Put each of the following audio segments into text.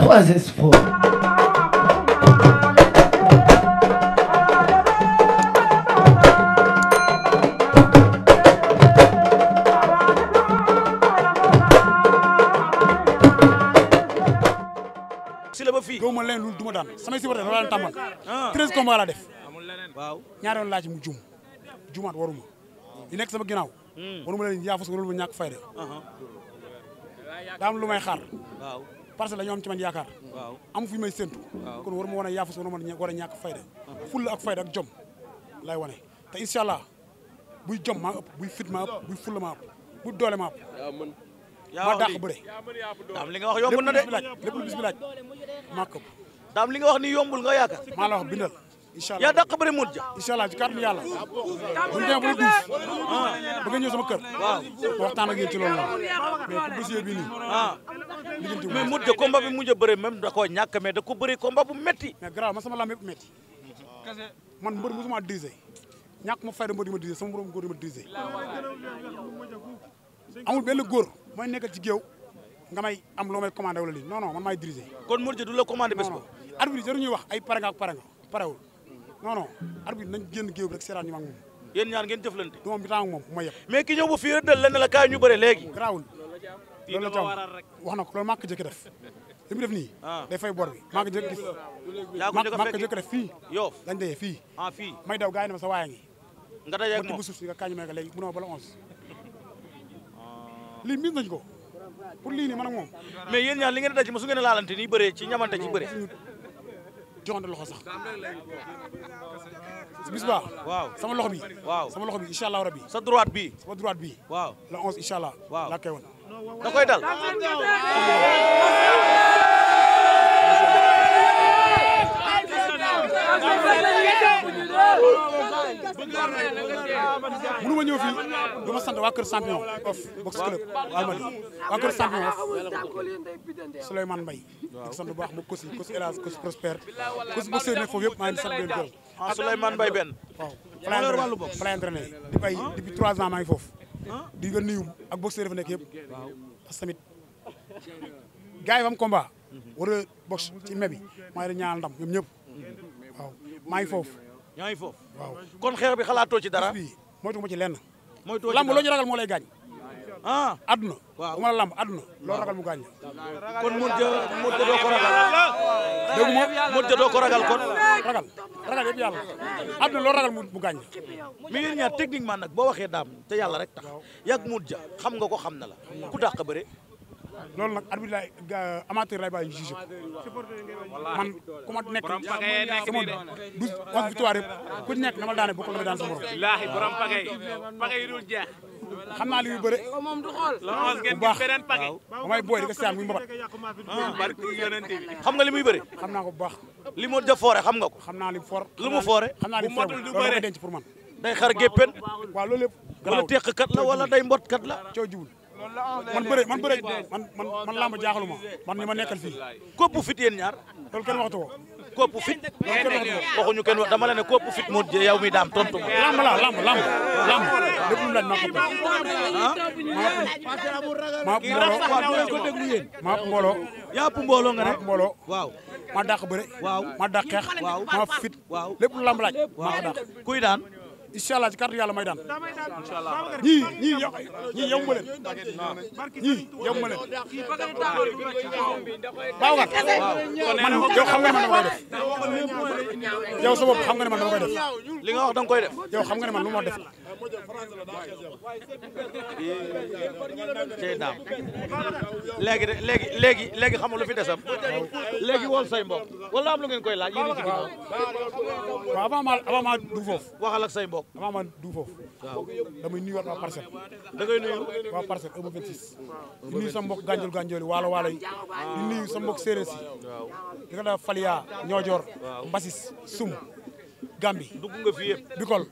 3S Pro. ma leen lu duma daan samay supporter dafa daan tàmbal ah. treize combats laa def waaw ñaari yoon laa ci mu juum juumaat waruma nekk sama ginnaaw hmm. waruma leen yaa fas waruma ñàkk fayda daa am lu may xaar parce que la ñoo am ci man yaakaar am fu ñu may kon war ma wan a yaafus war ma war a ñàkk fayda uh-huh. fulla ak fayda ak jom lay wane te incha buy jom buy fit maa buy fulla maa buy doole maa ëpp maa dàq bëre daam li nga wax yombul na de lépp lu bis bi laaj maa këpp daam li nga wax ni yombul nga yaakaar ci kàddu yàlla bu ñu ah. nii ah. mais mujj combat bi mujj a bëre même da koo ñàkk mais da ko bëre metti mais grave ma sama lamb yëpp metti man mbër mosuma diise ñàkk ma fayda mbër di ma diise sama borom di ma diise amul benn góor mooy ci géew nga may am loo may commandé wala lii kon Modou Dia du la commandé bés ba arbitre jaru ñuy wa ay pare nga ak pare nga parewul non non arbitre nañ génn géew bi rek ñu mag moom yéen ñaar ngeen jëflante du moom bi taa ak moom bu ma yëpp mais ki ñëw ba fii ñu bëre léegi garaawul loolu la coow wax na ko loolu màkk jëkk def li mu def nii ah. day fay bor bi màkk jëkk gis màkk def fii yow dañ dee fii ah may daw gars yi ma sa waaya ngi nga daje ak moom bu suuf si nga kañ may ko léegi bu no bala ah. lii miis nañ ko pour lii nii man ak moom mais yéen ñaar li ngeen daj ma su ngeen laalante nii bëree ci ñamante ci bëree joxante loxo sax bis ba waaw sama loxo bi waaw sama loxo bi incha allah rabbi sa droite bi sama droite bi waaw la laa koy da koy dal. mënu ma ñëw fii du ma sant waa kër champion of box club Almadi waa kër champion of Souleymane Mbaye di bu baax mu kosi kosi El kosi Prospère kosi boxeur ne foofu yëpp maa ngi sant leen gërëm ah, Souleymane Mbaye benn waaw fala entraîné depuis ay depuis trois ans maa foofu di nga ak boxeur yi fa nekk yëpp. waaw parce que tamit gars yi fa a box ci me bi maa ngi leen ndam ñoom ñëpp. waaw maa ngi foofu. ñaa ngi foofu kon xeex bi xalaatoo ci dara. bi moytu ma ci lenn. moytu lamb loo ragal moo lay gaañ. ah adduna. waaw ma la lamb adduna. loo ragal mu gaañ la. kon mënut a mënut a ko doo ko ragal kon. ragal ragal yëpp yàlla àdduna loo ragal mu gàññ mais yéen ñaar techniquement nag boo waxee daam te yàlla rek tax yàgg mu ja xam nga ko xam na la ku dàq bëre loolu nag arbitre laay euh, amateur lay bàyyi jugé man ku ma nekk sama du onze victoire yëpp ku nekk na ma daane bokkul na ma daan sama borom. xam naa li muy bëre. bu baax waaw may booy di ko seetaan muy mbabat. Ah, xam nga li muy bëre. xam naa ko bu baax. li mu def foore xam nga ko. xam naa li foor lu mu foore. xam naa li foor loolu nga denc pour man. day xar géppen. waaw loolu yëpp. wala teq kat la wala day mbot kat la. coo jiwul man bëre man bëre man man man làmb man ni ma nekkal fii. képp fit yéen ñaar. loolu kenn kopp fit waxuñu kenn dama la ne kopp fit mu yow mi daam tontu ma lamb la lamb lamb lamb lépp lu laaj maa ko maa ko déglu yéen maa ko mbooloo yàpp mbooloo ma dàq bëre ma dàq ma fit lépp lu lamb laaj maa ko dàq kuy daan incha allah ci kàttu yàlla may daan ñii ñii ñii ñii yow ma leen ñii yow ma leen Babacar man yow xam nga ne man dama koy def yow sa bopp xam nga ne man dama koy def li nga wax koy def yow xam nga ne man lu ma cey daam léegi de léegi léegi léegi xam lu fi desam léegi wool say mbokk wala am lu ngeen koy laaj yéen ci ma avant ma du foofu waxal ak say mbokk avant ma du foofu waaw damay nuyu waa parcelle da ngay nuyu waa parcelle ëmb 26 di nuyu sa mbokk gànjol gànjol yi waalo waalo yi di nuyu sa mbokk séeréer si di ñoojoor mbasis sum gambi dugg nga fi yëpp bikol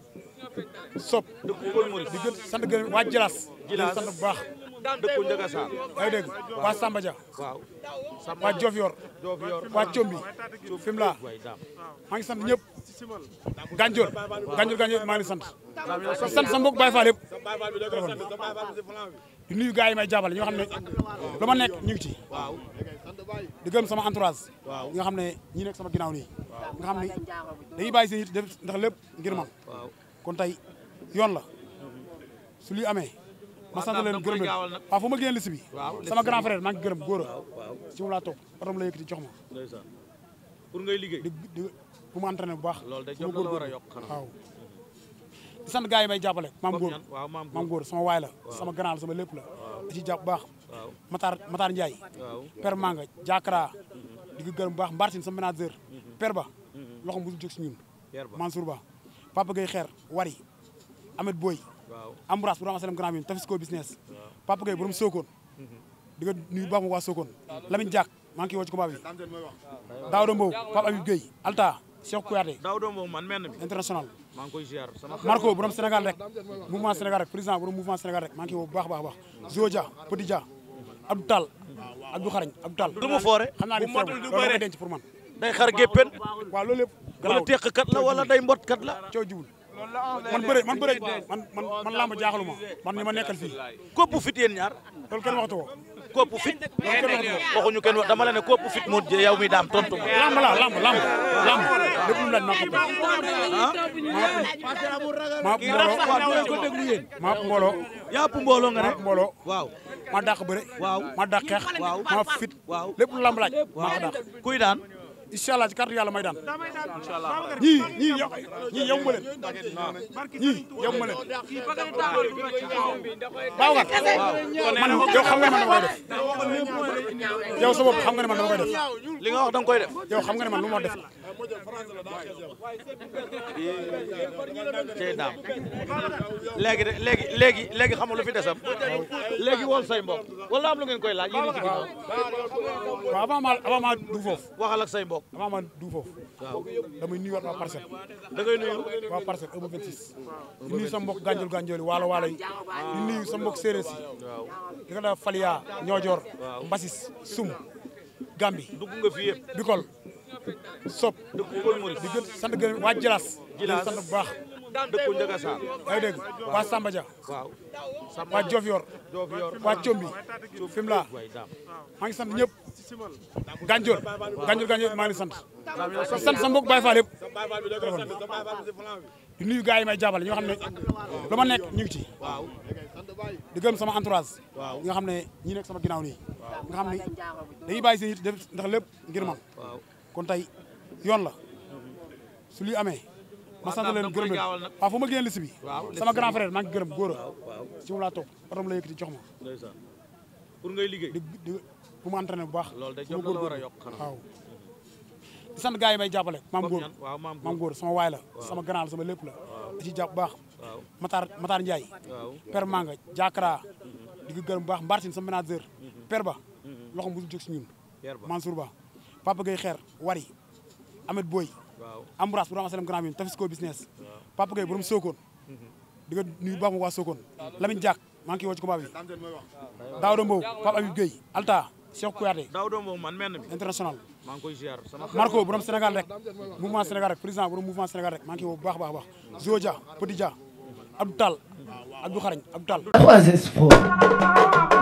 sob di sant gërëm waa Jilaas di sant bu baax dëkku Njaga Saar yaa ngi dégg waa Samba Dia waa Diofior waa Combi Fimela maa ngi sant ñëpp Ganjoor Ganjoor Ganjoor maa ngi sant di sant sa mbokk Baye Fall yëpp di nuyu gars yi may jàppale ñoo xam ne lu ma nekk ñu ngi ci di gërëm sama entourage ñi nga xam ne ñi nekk sama ginnaaw nii nga xam ne dañuy bàyyi seen it def ndax lépp ngir man kon tey yoon la su li amee ma sant leen gërëm leen waaw fu ma génn liste bi sama grand frère maa ngi gërëm góor a ci moom laa toog otom la yëkkati jox ma pour ngay liggéey di bu ma ne bu baax ma góor waaw di sant gars yi may jàppale maam góor maam góor sama waay la sama grand la sama lépp la da ci jàpp bu baax Matar Matar Ndiaye père Manga Jakara mm-hmm. di ko gërëm bu baax Mbartine sama manager mm-hmm. père ba loxom bu jóg si ñun Mansour Ba Papa Gueye Xeer Wari Ahmed Boy Ambras borom asalam grand bi Tafisco business Papa Gueye borom Sokone di nga baax ma waa Sokone Lamine Diack maa ngi koy woo ci combat bi Daouda Mbow Pape Habib Gueye Alta Cheikh Kouyaté Daouda Mbow man mel na international maa ngi koy ziar Marco borom Sénégal rek mouvement Sénégal rek président borom mouvement Sénégal rek maa ngi koy woo baax baax baax Zio Dia Petit Dia Abdou Tall Abdou Xarañ Abdou Tall xam naa ne bu matul man day xar géppen waaw loolu yëpp wala kat la wala day mbot kat la coo jiwul man bëre man bëre man man man man ni ma nekkal fii kopp fit yéen ñaar loolu kenn waxtu ko kopp fit waxuñu kenn dama la ne kopp fit moo yow mi daam tontu ma làmb la làmb làmb làmb lépp lu laaj maa ko maa mbooloo ko déglu yéen maa mbooloo mbooloo nga ne mbooloo waaw maa dàq bëre waaw maa xeex waaw fit lépp lu laaj maa ko kuy daan incha allah ci kàttu yàlla may daan ñii ñii ñii ñii yow ma leen yow sa bopp xam nga ne man dama koy def. li nga wax danga koy def. yow xam nga ne man lu ma def. cey daam léegi de léegi léegi léegi xam lu fi desam. léegi wol say mbokk wala am lu ngeen koy laaj yéen ma avant ma du foofu. waxal ak say mbokk. avant ma du foofu. waaw damay nuyuwaat waa parcelle. da ngay nuyu waa parcelle ëmb 26. di nuyu sa mbokk gànjol gànjol yi waalo waalo yi. di nuyu sa mbokk séeréer si. waaw di Ñoojoor Mbasis. sum gambi dugg nga fi yëpp sant gërëm waa Jilaas Jilaas sant bu baax dëkku Njaga Saar yaa ngi dégg waa Samba Dia waa Diofior Diofior waa maa ngi sant ñëpp Gandiol Gandiol Gandiol maa ngi sant sant sa mbokk Baye Fall yëpp di nuyu gars yi may jàppale ñoo xam ne lu ma nekk ñu ngi ci di sama entourage ñi nga xam ne ñi nekk sama ginnaaw nii nga xam ne dañuy bàyyi seen it def ndax lépp ngir man kon tey yoon la su lii amee ma sant leen gërëm leen waaw fu ma génn liste bi sama grand frère maa ngi gërëm góor a si moom laa toog otom la yëkkati jox ma pour ngay liggéey bu mu entraîné bu baax. loolu de jom la war a yokk xanaa waaw. di sant gars yi may jàppale. maam góor waaw maam góor sama waay la. sama grand sama lépp la. da ciy jàpp baax. waaw Matar Matar Ndiaye. Manga Diakara. di ko baax Mbartine sama manager. Mm-hmm. Père Ba. Mm-hmm. loxoom bu ñu jóg si ñun. Père Ba Mansour Ba Papa Gueye Xeer Wari Ahmed Boy. waaw Ambras bu doon asalem grand bi Tafisco business. waaw Papa Gueye borom Sokone. Mm-hmm. di nga nuyu baax ma waa Sokone. Lamine Diak maa ngi koy woo ci combat bi. Daouda Mbow Papa Abib Gueye Alta. Cheikh Kouyaté international Marco borom Sénégal rek mouvement Sénégal rek président borom mouvement Sénégal rek maa ngi koy woo bu baax a baax Zio Dia Petit Dia Abdou Tall Abdou Xarañ Abdou Tall